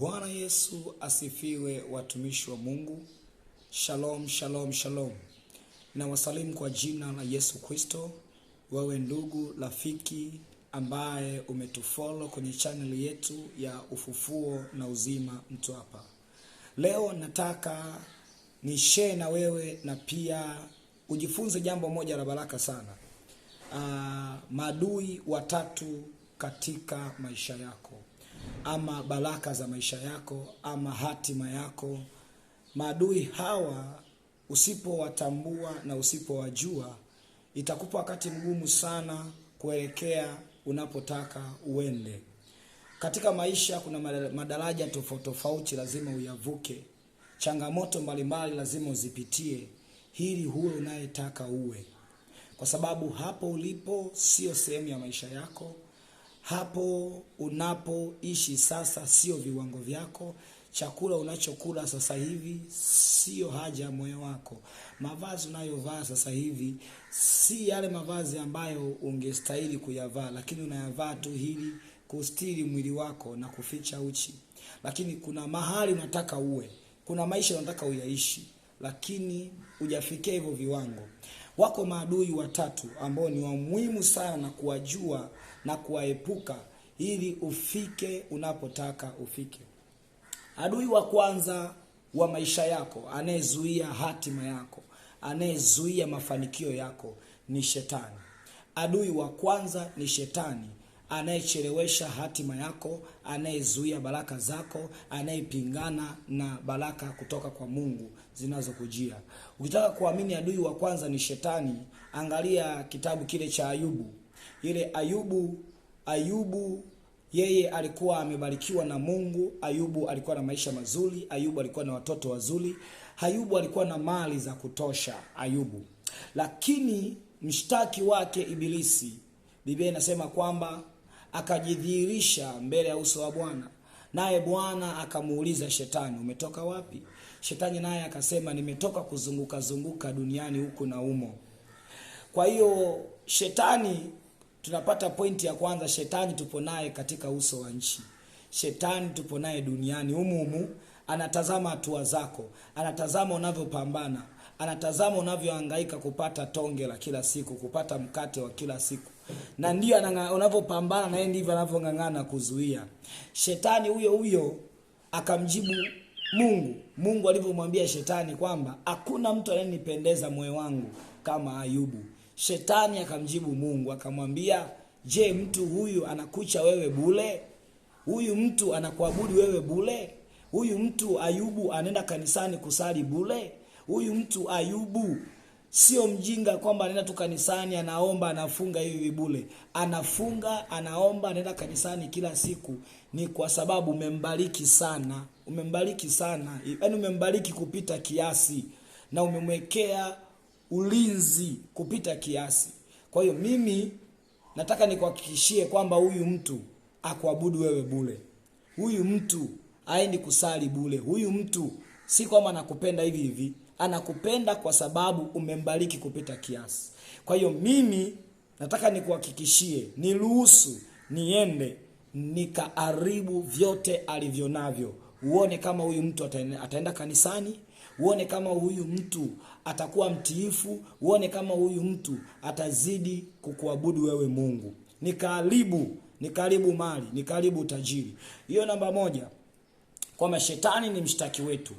Bwana Yesu asifiwe, watumishi wa Mungu. Shalom, shalom, shalom. Na wasalimu kwa jina la Yesu Kristo, wewe ndugu rafiki ambaye umetufolo kwenye chaneli yetu ya Ufufuo na Uzima mtu hapa Leo nataka ni share na wewe na pia ujifunze jambo moja la baraka sana. Uh, maadui watatu katika maisha yako ama baraka za maisha yako ama hatima yako. Maadui hawa usipowatambua na usipowajua, itakupa wakati mgumu sana kuelekea unapotaka uende. Katika maisha kuna madaraja tofauti tofauti, lazima uyavuke. Changamoto mbalimbali lazima uzipitie, hili huwe unayetaka uwe, kwa sababu hapo ulipo sio sehemu ya maisha yako hapo unapoishi sasa sio viwango vyako. Chakula unachokula sasa hivi sio haja ya moyo wako. Mavazi unayovaa sasa hivi si yale mavazi ambayo ungestahili kuyavaa, lakini unayavaa tu hili kustiri mwili wako na kuficha uchi. Lakini kuna mahali unataka uwe, kuna maisha unataka uyaishi, lakini hujafikia hivyo viwango. Wako maadui watatu ambao ni wa muhimu sana kuwajua na kuwaepuka ili ufike unapotaka ufike. Adui wa kwanza wa maisha yako, anayezuia hatima yako, anayezuia mafanikio yako ni shetani. Adui wa kwanza ni shetani anayechelewesha hatima yako, anayezuia baraka zako, anayepingana na baraka kutoka kwa Mungu zinazokujia. Ukitaka kuamini, adui wa kwanza ni shetani. Angalia kitabu kile cha Ayubu. Yule Ayubu, Ayubu yeye alikuwa amebarikiwa na Mungu. Ayubu alikuwa na maisha mazuri. Ayubu alikuwa na watoto wazuri. Ayubu alikuwa na mali za kutosha, Ayubu. Lakini mshtaki wake Ibilisi, Biblia inasema kwamba akajidhihirisha mbele ya uso wa Bwana, naye Bwana akamuuliza Shetani, umetoka wapi? Shetani naye akasema, nimetoka kuzunguka zunguka duniani huku na umo. Kwa hiyo shetani tunapata pointi ya kwanza, shetani tupo naye katika uso wa nchi, shetani tupo naye duniani humu humu. Anatazama hatua zako, anatazama unavyopambana, anatazama unavyohangaika kupata tonge la kila siku, kupata mkate wa kila siku, na ndio unavyopambana na yeye, ndivyo anavyong'ang'ana kuzuia. Shetani huyo huyo akamjibu Mungu, Mungu alivyomwambia shetani kwamba hakuna mtu anayenipendeza moyo wangu kama Ayubu. Shetani akamjibu Mungu akamwambia, je, mtu huyu anakucha wewe bule? Huyu mtu anakuabudi wewe bule? Huyu mtu Ayubu anaenda kanisani kusali bule? Huyu mtu Ayubu sio mjinga kwamba anaenda tu kanisani anaomba anafunga hivi bule. Anafunga anaomba anaenda kanisani kila siku, ni kwa sababu umembariki sana, umembariki sana, yaani umembariki kupita kiasi na umemwekea ulinzi kupita kiasi. Kwa hiyo mimi nataka nikuhakikishie kwamba huyu mtu akuabudu wewe bule huyu mtu aendi kusali bule huyu mtu si kwamba anakupenda hivi hivi, anakupenda kwa sababu umembariki kupita kiasi. Kwa hiyo mimi nataka nikuhakikishie, niruhusu niende nikaharibu vyote alivyo navyo, uone kama huyu mtu ataenda kanisani uone kama huyu mtu atakuwa mtiifu, uone kama huyu mtu atazidi kukuabudu wewe Mungu. Ni karibu, ni karibu mali, ni karibu utajiri. Hiyo namba moja, kwamba shetani ni mshtaki wetu.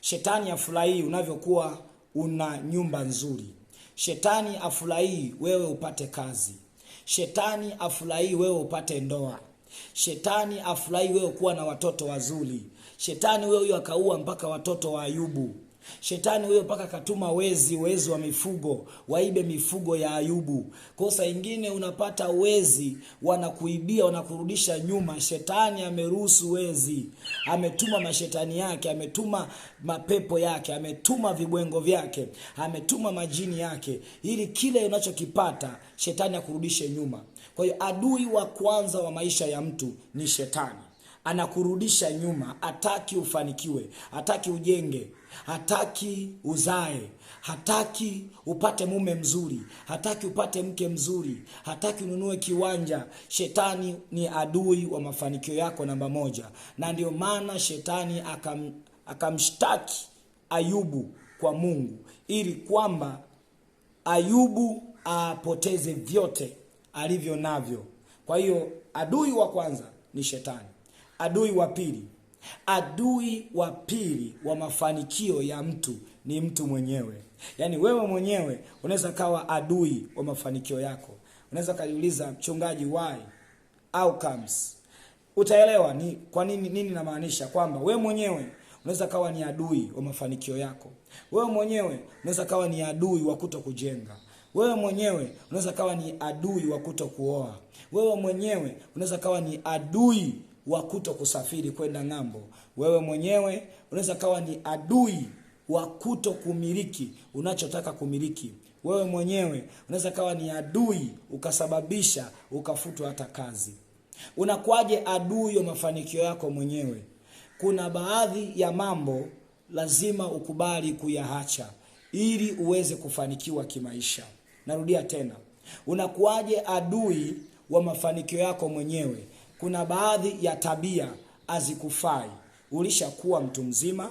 Shetani afurahii unavyokuwa una nyumba nzuri. Shetani afurahii wewe upate kazi. Shetani afurahii wewe upate ndoa. Shetani afurahi wewe kuwa na watoto wazuri. Shetani wewe huyo akaua mpaka watoto wa Ayubu. Shetani huyo mpaka katuma wezi, wezi wa mifugo waibe mifugo ya Ayubu. kosa ingine unapata wezi wanakuibia, wanakurudisha nyuma. Shetani ameruhusu wezi, ametuma mashetani yake, ametuma mapepo yake, ametuma vibwengo vyake, ametuma majini yake, ili kile unachokipata shetani akurudishe nyuma. Kwa hiyo adui wa kwanza wa maisha ya mtu ni shetani anakurudisha nyuma, hataki ufanikiwe, hataki ujenge, hataki uzae, hataki upate mume mzuri, hataki upate mke mzuri, hataki ununue kiwanja. Shetani ni adui wa mafanikio yako namba moja, na ndio maana shetani akam, akamshtaki Ayubu kwa Mungu ili kwamba Ayubu apoteze vyote alivyo navyo. Kwa hiyo adui wa kwanza ni shetani. Adui wa pili, adui wa pili wa mafanikio ya mtu ni mtu mwenyewe. Yaani wewe mwenyewe unaweza kawa adui wa mafanikio yako. Unaweza kaliuliza mchungaji, why outcomes? Utaelewa ni kwa nini nini namaanisha kwamba wewe mwenyewe unaweza kawa ni adui wa mafanikio yako. Wewe mwenyewe unaweza kawa ni adui wa kuto kujenga. Wewe mwenyewe unaweza kawa ni adui wa kuto kuoa. Wewe mwenyewe unaweza kawa ni adui wa kuto kusafiri kwenda ng'ambo. Wewe mwenyewe unaweza kawa ni adui wa kuto kumiliki unachotaka kumiliki. Wewe mwenyewe unaweza kawa ni adui ukasababisha ukafutwa hata kazi. Unakuwaje adui wa mafanikio yako mwenyewe? Kuna baadhi ya mambo lazima ukubali kuyaacha ili uweze kufanikiwa kimaisha. Narudia tena, unakuwaje adui wa mafanikio yako mwenyewe? kuna baadhi ya tabia hazikufai. Ulishakuwa mtu mzima,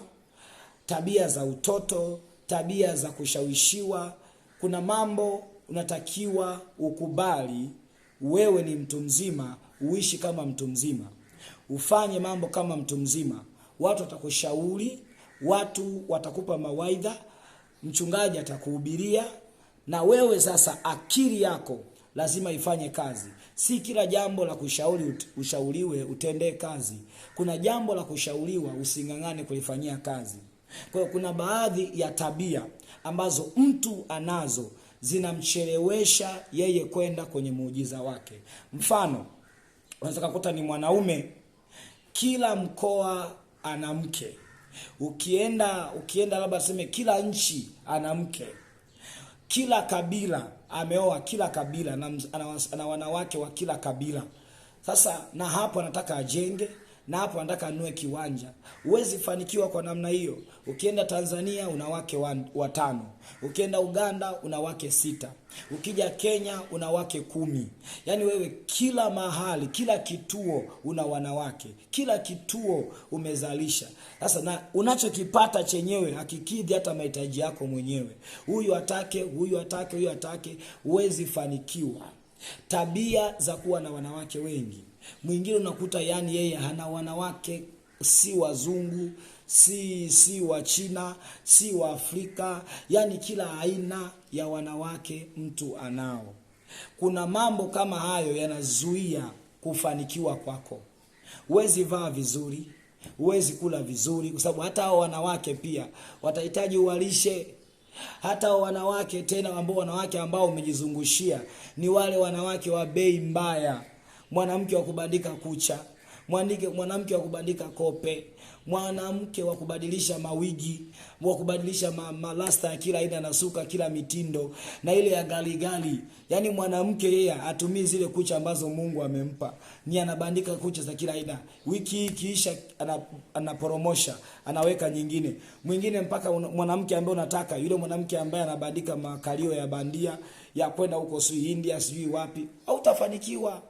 tabia za utoto, tabia za kushawishiwa. Kuna mambo unatakiwa ukubali, wewe ni mtu mzima, uishi kama mtu mzima, ufanye mambo kama mtu mzima. Watu watakushauri, watu watakupa mawaidha, mchungaji atakuhubiria, na wewe sasa akili yako lazima ifanye kazi. Si kila jambo la kushauri ushauriwe utendee kazi. Kuna jambo la kushauriwa using'ang'ane kulifanyia kazi. Kwa hiyo kuna baadhi ya tabia ambazo mtu anazo zinamchelewesha yeye kwenda kwenye muujiza wake. Mfano, unaweza kukuta ni mwanaume, kila mkoa ana mke, ukienda ukienda labda tuseme kila nchi ana mke kila kabila ameoa kila kabila na, na wanawake wa kila kabila. Sasa na hapo anataka ajenge na hapo anataka anue kiwanja. Huwezi fanikiwa kwa namna hiyo. Ukienda Tanzania una wake watano, ukienda Uganda una wake sita, ukija Kenya una wake kumi. Yaani wewe kila mahali, kila kituo una wanawake, kila kituo umezalisha. Sasa na unachokipata chenyewe hakikidhi hata mahitaji yako mwenyewe. Huyu atake, huyu atake, huyu atake, huwezi fanikiwa. Tabia za kuwa na wanawake wengi Mwingine unakuta yani yeye hana wanawake, si wazungu si si wa China si wa Afrika, yani kila aina ya wanawake mtu anao. Kuna mambo kama hayo yanazuia kufanikiwa kwako. Huwezi vaa vizuri, huwezi kula vizuri, kwa sababu hata hao wanawake pia watahitaji uwalishe hata wanawake tena ambao wanawake ambao umejizungushia ni wale wanawake wa bei mbaya mwanamke wa kubandika kucha, mwanamke mwanamke wa kubandika kope, mwanamke wa kubadilisha mawigi, wa kubadilisha ma, malasta ya kila aina na suka kila mitindo na ile ya galigali. Yaani mwanamke yeye atumii zile kucha ambazo Mungu amempa, ni anabandika kucha za kila aina. Wiki hii kiisha, anaporomosha anaweka nyingine, mwingine mpaka mwanamke ambaye unataka yule mwanamke ambaye anabandika makalio ya bandia ya kwenda huko, sijui India, sijui wapi, hautafanikiwa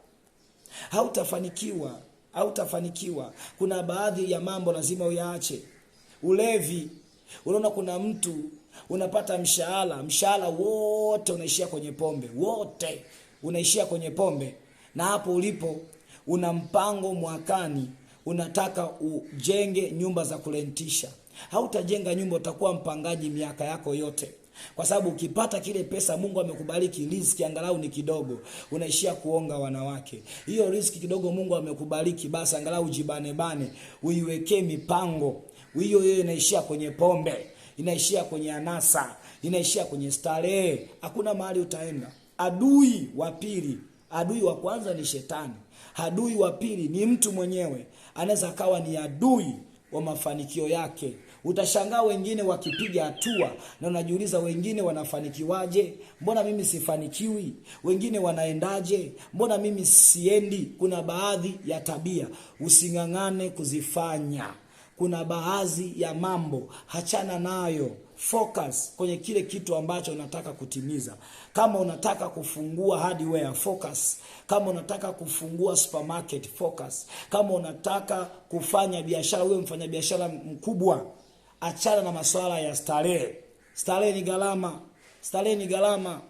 hautafanikiwa hautafanikiwa kuna baadhi ya mambo lazima uyaache ulevi unaona kuna mtu unapata mshahara mshahara wote unaishia kwenye pombe wote unaishia kwenye pombe na hapo ulipo una mpango mwakani unataka ujenge nyumba za kurentisha hautajenga nyumba utakuwa mpangaji miaka yako yote kwa sababu ukipata kile pesa Mungu amekubariki riziki, angalau ni kidogo, unaishia kuonga wanawake. Hiyo riziki kidogo Mungu amekubariki, basi angalau jibanebane, uiwekee mipango hiyo. Hiyo inaishia kwenye pombe, inaishia kwenye anasa, inaishia kwenye starehe. Hakuna mahali utaenda. Adui wa pili, adui wa kwanza ni Shetani, adui wa pili ni mtu mwenyewe, anaweza akawa ni adui wa mafanikio yake. Utashangaa wengine wakipiga hatua na unajiuliza wengine wanafanikiwaje? Mbona mimi sifanikiwi? Wengine wanaendaje? Mbona mimi siendi? Kuna baadhi ya tabia using'ang'ane kuzifanya. Kuna baadhi ya mambo hachana nayo focus kwenye kile kitu ambacho unataka kutimiza. Kama unataka kufungua hardware focus, kama unataka kufungua supermarket focus, kama unataka kufanya biashara, uwe mfanyabiashara mkubwa. Achana na masuala ya starehe. Starehe ni gharama, starehe ni gharama.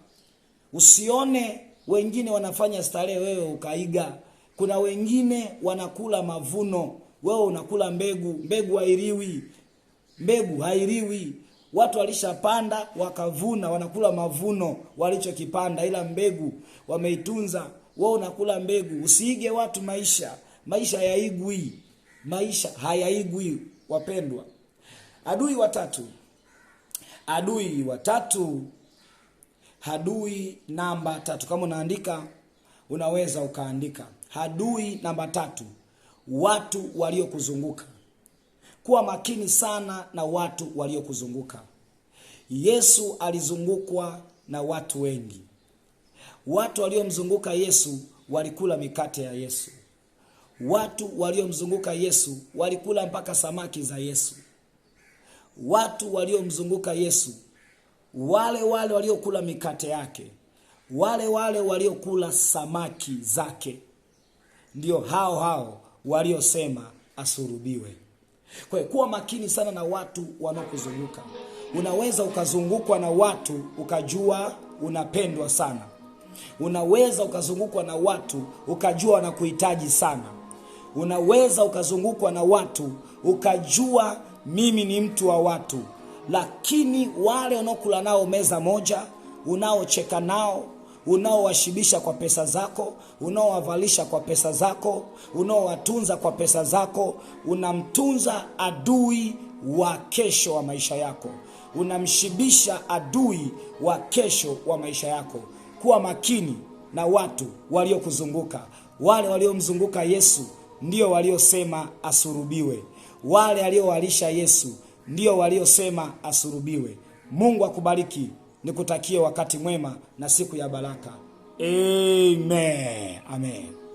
Usione wengine wanafanya starehe, wewe ukaiga. Kuna wengine wanakula mavuno, wewe unakula mbegu. Mbegu hairiwi mbegu hairiwi Watu walishapanda wakavuna, wanakula mavuno walichokipanda, ila mbegu wameitunza. wao unakula mbegu. Usiige watu maisha, maisha hayaigwi, maisha hayaigwi wapendwa. Adui watatu, adui watatu, hadui namba tatu. Kama unaandika unaweza ukaandika hadui namba tatu, watu waliokuzunguka kuwa makini sana na watu waliokuzunguka. Yesu alizungukwa na watu wengi. Watu waliomzunguka Yesu walikula mikate ya Yesu. Watu waliomzunguka Yesu walikula mpaka samaki za Yesu. Watu waliomzunguka Yesu, wale wale waliokula mikate yake, wale wale waliokula samaki zake, ndio hao hao waliosema asurubiwe. Kwa hiyo kuwa makini sana na watu wanaokuzunguka. Unaweza ukazungukwa na watu ukajua unapendwa sana. Unaweza ukazungukwa na watu ukajua wanakuhitaji sana. Unaweza ukazungukwa na watu ukajua mimi ni mtu wa watu, lakini wale unaokula nao meza moja, unaocheka nao unaowashibisha kwa pesa zako, unaowavalisha kwa pesa zako, unaowatunza kwa pesa zako, unamtunza adui wa kesho wa maisha yako, unamshibisha adui wa kesho wa maisha yako. Kuwa makini na watu waliokuzunguka. Wale waliomzunguka Yesu ndio waliosema asurubiwe, wale aliowalisha Yesu ndio waliosema asurubiwe. Mungu akubariki. Nikutakie wakati mwema na siku ya baraka. Amen. Amen.